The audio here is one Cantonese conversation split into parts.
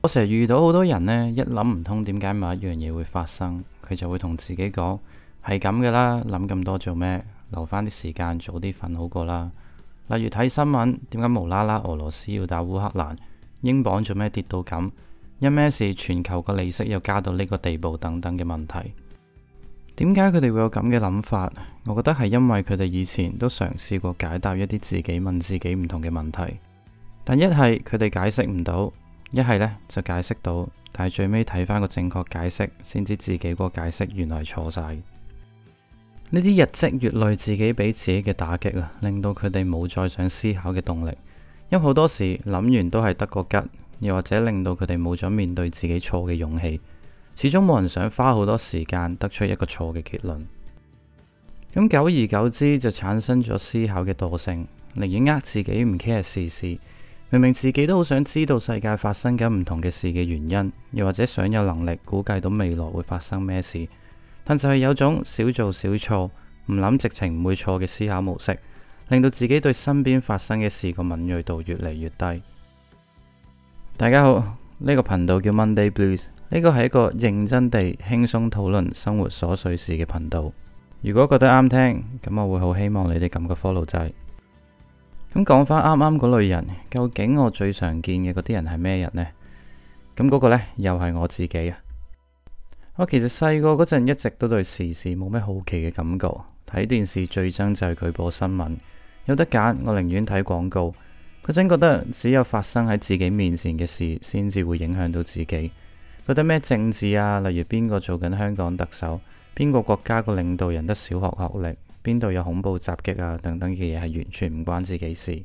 我成日遇到好多人呢，一諗唔通點解某一樣嘢會發生，佢就會同自己講係咁噶啦，諗咁多做咩？留翻啲時間早啲瞓好過啦。例如睇新聞，點解無啦啦俄羅斯要打烏克蘭？英鎊做咩跌到咁？因咩事全球嘅利息又加到呢個地步？等等嘅問題，點解佢哋會有咁嘅諗法？我覺得係因為佢哋以前都嘗試過解答一啲自己問自己唔同嘅問題，但一係佢哋解釋唔到。一係呢，就解釋到，但係最尾睇翻個正確解釋，先知自己個解釋原來係錯晒。呢啲日積月累，自己俾自己嘅打擊啊，令到佢哋冇再想思考嘅動力。因為好多時諗完都係得個吉，又或者令到佢哋冇咗面對自己錯嘅勇氣。始終冇人想花好多時間得出一個錯嘅結論。咁久而久之就產生咗思考嘅惰性，寧願呃自己唔 care 試試。明明自己都好想知道世界發生緊唔同嘅事嘅原因，又或者想有能力估計到未來會發生咩事，但就係有種少做少錯，唔諗直情唔會錯嘅思考模式，令到自己對身邊發生嘅事個敏銳度越嚟越低。大家好，呢個頻道叫 Monday Blues，呢個係一個認真地輕鬆討論生活瑣碎事嘅頻道。如果覺得啱聽，咁我會好希望你哋撳個 follow 掣。咁講返啱啱嗰類人，究竟我最常見嘅嗰啲人係咩人呢？咁嗰個呢，又係我自己啊！我其實細個嗰陣一直都對時事冇咩好奇嘅感覺，睇電視最憎就係佢播新聞，有得揀我寧願睇廣告。佢真覺得只有發生喺自己面前嘅事，先至會影響到自己。覺得咩政治啊，例如邊個做緊香港特首，邊個國家個領導人得小學學歷。邊度有恐怖襲擊啊？等等嘅嘢係完全唔關自己事。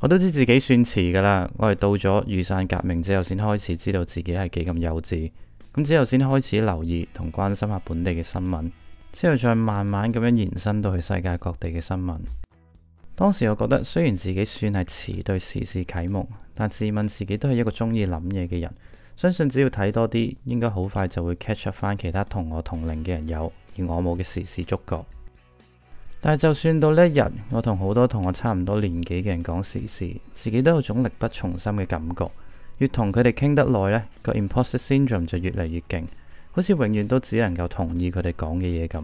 我都知自己算遲㗎喇，我係到咗雨傘革命之後先開始知道自己係幾咁幼稚，咁之後先開始留意同關心下本地嘅新聞，之後再慢慢咁樣延伸到去世界各地嘅新聞。當時我覺得雖然自己算係遲對時事啟蒙，但自問自己都係一個中意諗嘢嘅人，相信只要睇多啲，應該好快就會 catch up 翻其他同我同齡嘅人有而我冇嘅時事觸覺。但係就算到呢一日，我同好多同我差唔多年紀嘅人講時事，自己都有種力不從心嘅感覺。越同佢哋傾得耐呢個 imposter syndrome 就越嚟越勁，好似永遠都只能夠同意佢哋講嘅嘢咁。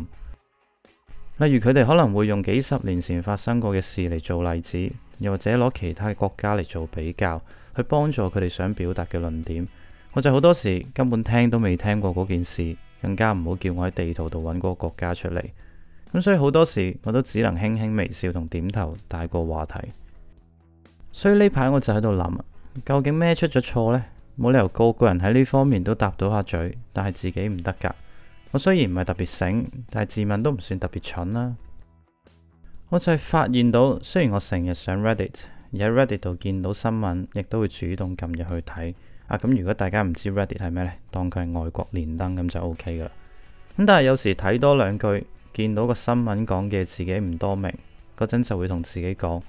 例如佢哋可能會用幾十年前發生過嘅事嚟做例子，又或者攞其他國家嚟做比較，去幫助佢哋想表達嘅論點。我就好多時根本聽都未聽過嗰件事，更加唔好叫我喺地圖度揾嗰個國家出嚟。咁所以好多時我都只能輕輕微笑同點頭帶過話題。所以呢排我就喺度諗，究竟咩出咗錯呢？冇理由個個人喺呢方面都答到下嘴，但係自己唔得㗎。我雖然唔係特別醒，但係自問都唔算特別蠢啦。我就係發現到，雖然我成日上 Reddit，而喺 Reddit 度見到新聞，亦都會主動撳入去睇。啊，咁如果大家唔知 Reddit 係咩呢？當佢係外國連登咁就 OK 㗎啦。咁但係有時睇多兩句。見到個新聞講嘅自己唔多明，嗰陣就會同自己講：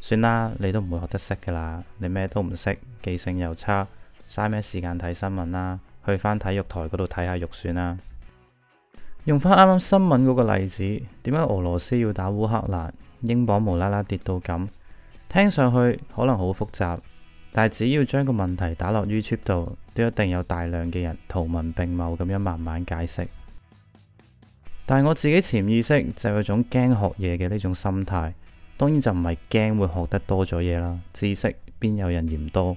算啦，你都唔會學得識㗎喇，你咩都唔識，記性又差，嘥咩時間睇新聞啦，去翻體育台嗰度睇下肉算啦。用翻啱啱新聞嗰個例子，點解俄羅斯要打烏克蘭，英鎊無啦啦跌到咁？聽上去可能好複雜，但係只要將個問題打落 YouTube 度，都一定有大量嘅人圖文並茂咁樣慢慢解釋。但係我自己潛意識就有種驚學嘢嘅呢種心態，當然就唔係驚會學得多咗嘢啦，知識邊有人嫌多？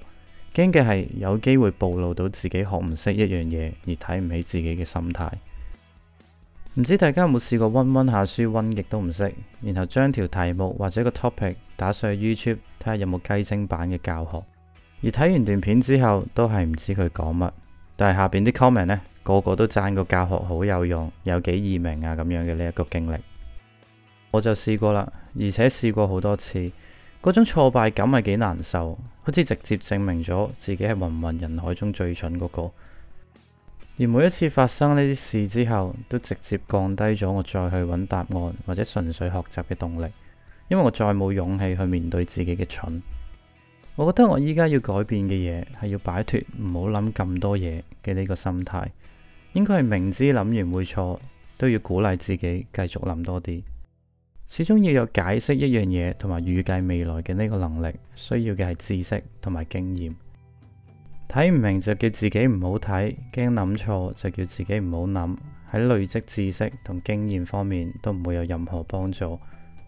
驚嘅係有機會暴露到自己學唔識一樣嘢而睇唔起自己嘅心態。唔知大家有冇試過溫溫下書溫極都唔識，然後將條題目或者個 topic 打上去 YouTube 睇下有冇雞精版嘅教學，而睇完段片之後都係唔知佢講乜。但係下邊啲 comment 呢，個個都讚個教學好有用，有幾易明啊。咁樣嘅呢一個經歷，我就試過啦，而且試過好多次，嗰種挫敗感係幾難受，好似直接證明咗自己係芸芸人海中最蠢嗰個。而每一次發生呢啲事之後，都直接降低咗我再去揾答案或者純粹學習嘅動力，因為我再冇勇氣去面對自己嘅蠢。我覺得我依家要改變嘅嘢係要擺脫唔好諗咁多嘢嘅呢個心態，應該係明知諗完會錯都要鼓勵自己繼續諗多啲。始終要有解釋一樣嘢同埋預計未來嘅呢個能力，需要嘅係知識同埋經驗。睇唔明就叫自己唔好睇，驚諗錯就叫自己唔好諗，喺累積知識同經驗方面都唔會有任何幫助。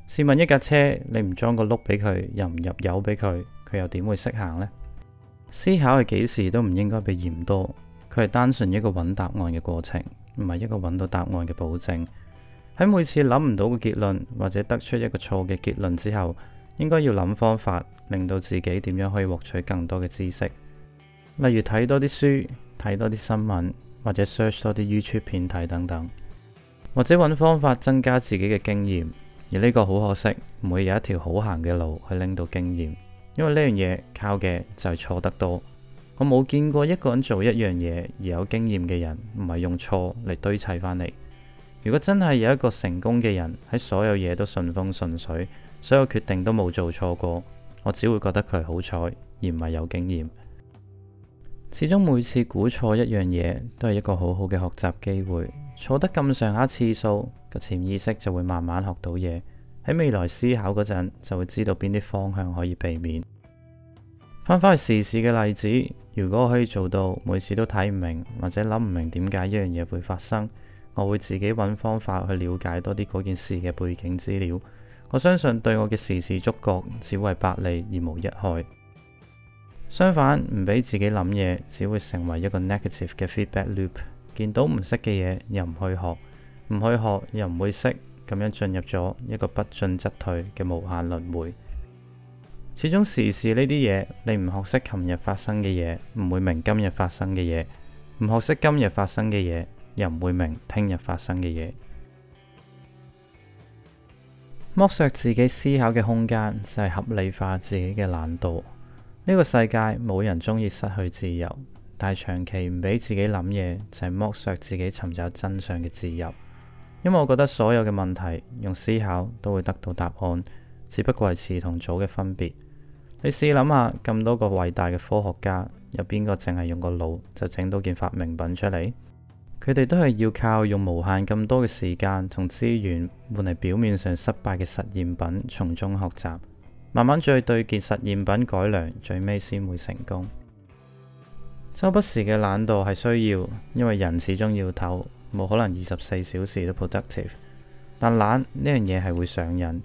試問一架車，你唔裝個轆俾佢，又唔入油俾佢，佢又點會識行呢？思考係幾時都唔應該被嫌多，佢係單純一個揾答案嘅過程，唔係一個揾到答案嘅保證。喺每次諗唔到個結論，或者得出一個錯嘅結論之後，應該要諗方法，令到自己點樣可以獲取更多嘅知識，例如睇多啲書、睇多啲新聞，或者 search 多啲 YouTube 片睇等等，或者揾方法增加自己嘅經驗。而呢個好可惜，唔會有一條好行嘅路去拎到經驗。因為呢樣嘢靠嘅就係錯得多，我冇見過一個人做一樣嘢而有經驗嘅人，唔係用錯嚟堆砌翻嚟。如果真係有一個成功嘅人喺所有嘢都順風順水，所有決定都冇做錯過，我只會覺得佢好彩，而唔係有經驗。始終每次估錯一樣嘢都係一個好好嘅學習機會，錯得咁上下次數，個潛意識就會慢慢學到嘢。喺未來思考嗰陣，就會知道邊啲方向可以避免。翻翻去時事嘅例子，如果可以做到每次都睇唔明或者諗唔明點解一樣嘢會發生，我會自己揾方法去了解多啲嗰件事嘅背景資料。我相信對我嘅時事觸覺，只為百利而無一害。相反，唔俾自己諗嘢，只會成為一個 negative 嘅 feedback loop。見到唔識嘅嘢又唔去學，唔去學又唔會識。咁樣進入咗一個不進則退嘅無限輪回，始終時事呢啲嘢，你唔學識琴日發生嘅嘢，唔會明今日發生嘅嘢，唔學識今日發生嘅嘢，又唔會明聽日發生嘅嘢。剝削自己思考嘅空間，就係合理化自己嘅懶惰。呢個世界冇人中意失去自由，但長期唔俾自己諗嘢，就係剝削自己尋找真相嘅自由。因為我覺得所有嘅問題用思考都會得到答案，只不過係遲同早嘅分別。你試諗下咁多個偉大嘅科學家，有邊個淨係用個腦就整到件發明品出嚟？佢哋都係要靠用無限咁多嘅時間同資源換嚟表面上失敗嘅實驗品，從中學習，慢慢再對件實驗品改良，最尾先會成功。周不時嘅懶惰係需要，因為人始終要唞。冇可能二十四小時都 productive，但懶呢樣嘢係會上癮，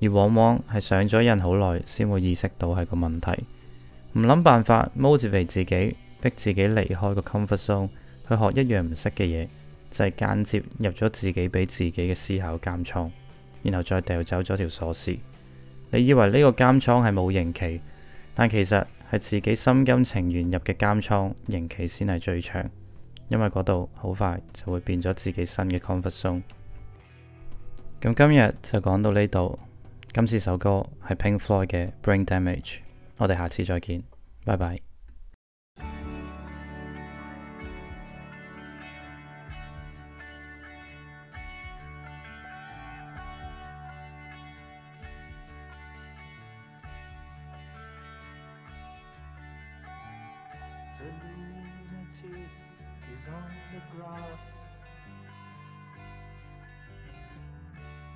而往往係上咗癮好耐先會意識到係個問題，唔諗辦法，motivate 自己，逼自己離開個 comfort zone，去學一樣唔識嘅嘢，就係、是、間接入咗自己俾自己嘅思考監倉，然後再掉走咗條鎖匙。你以為呢個監倉係冇刑期，但其實係自己心甘情願入嘅監倉，刑期先係最長。因為嗰度好快就會變咗自己新嘅 comfort zone。咁今日就講到呢度。今次首歌係 Pink Floyd 嘅《Brain Damage》。我哋下次再見，拜拜。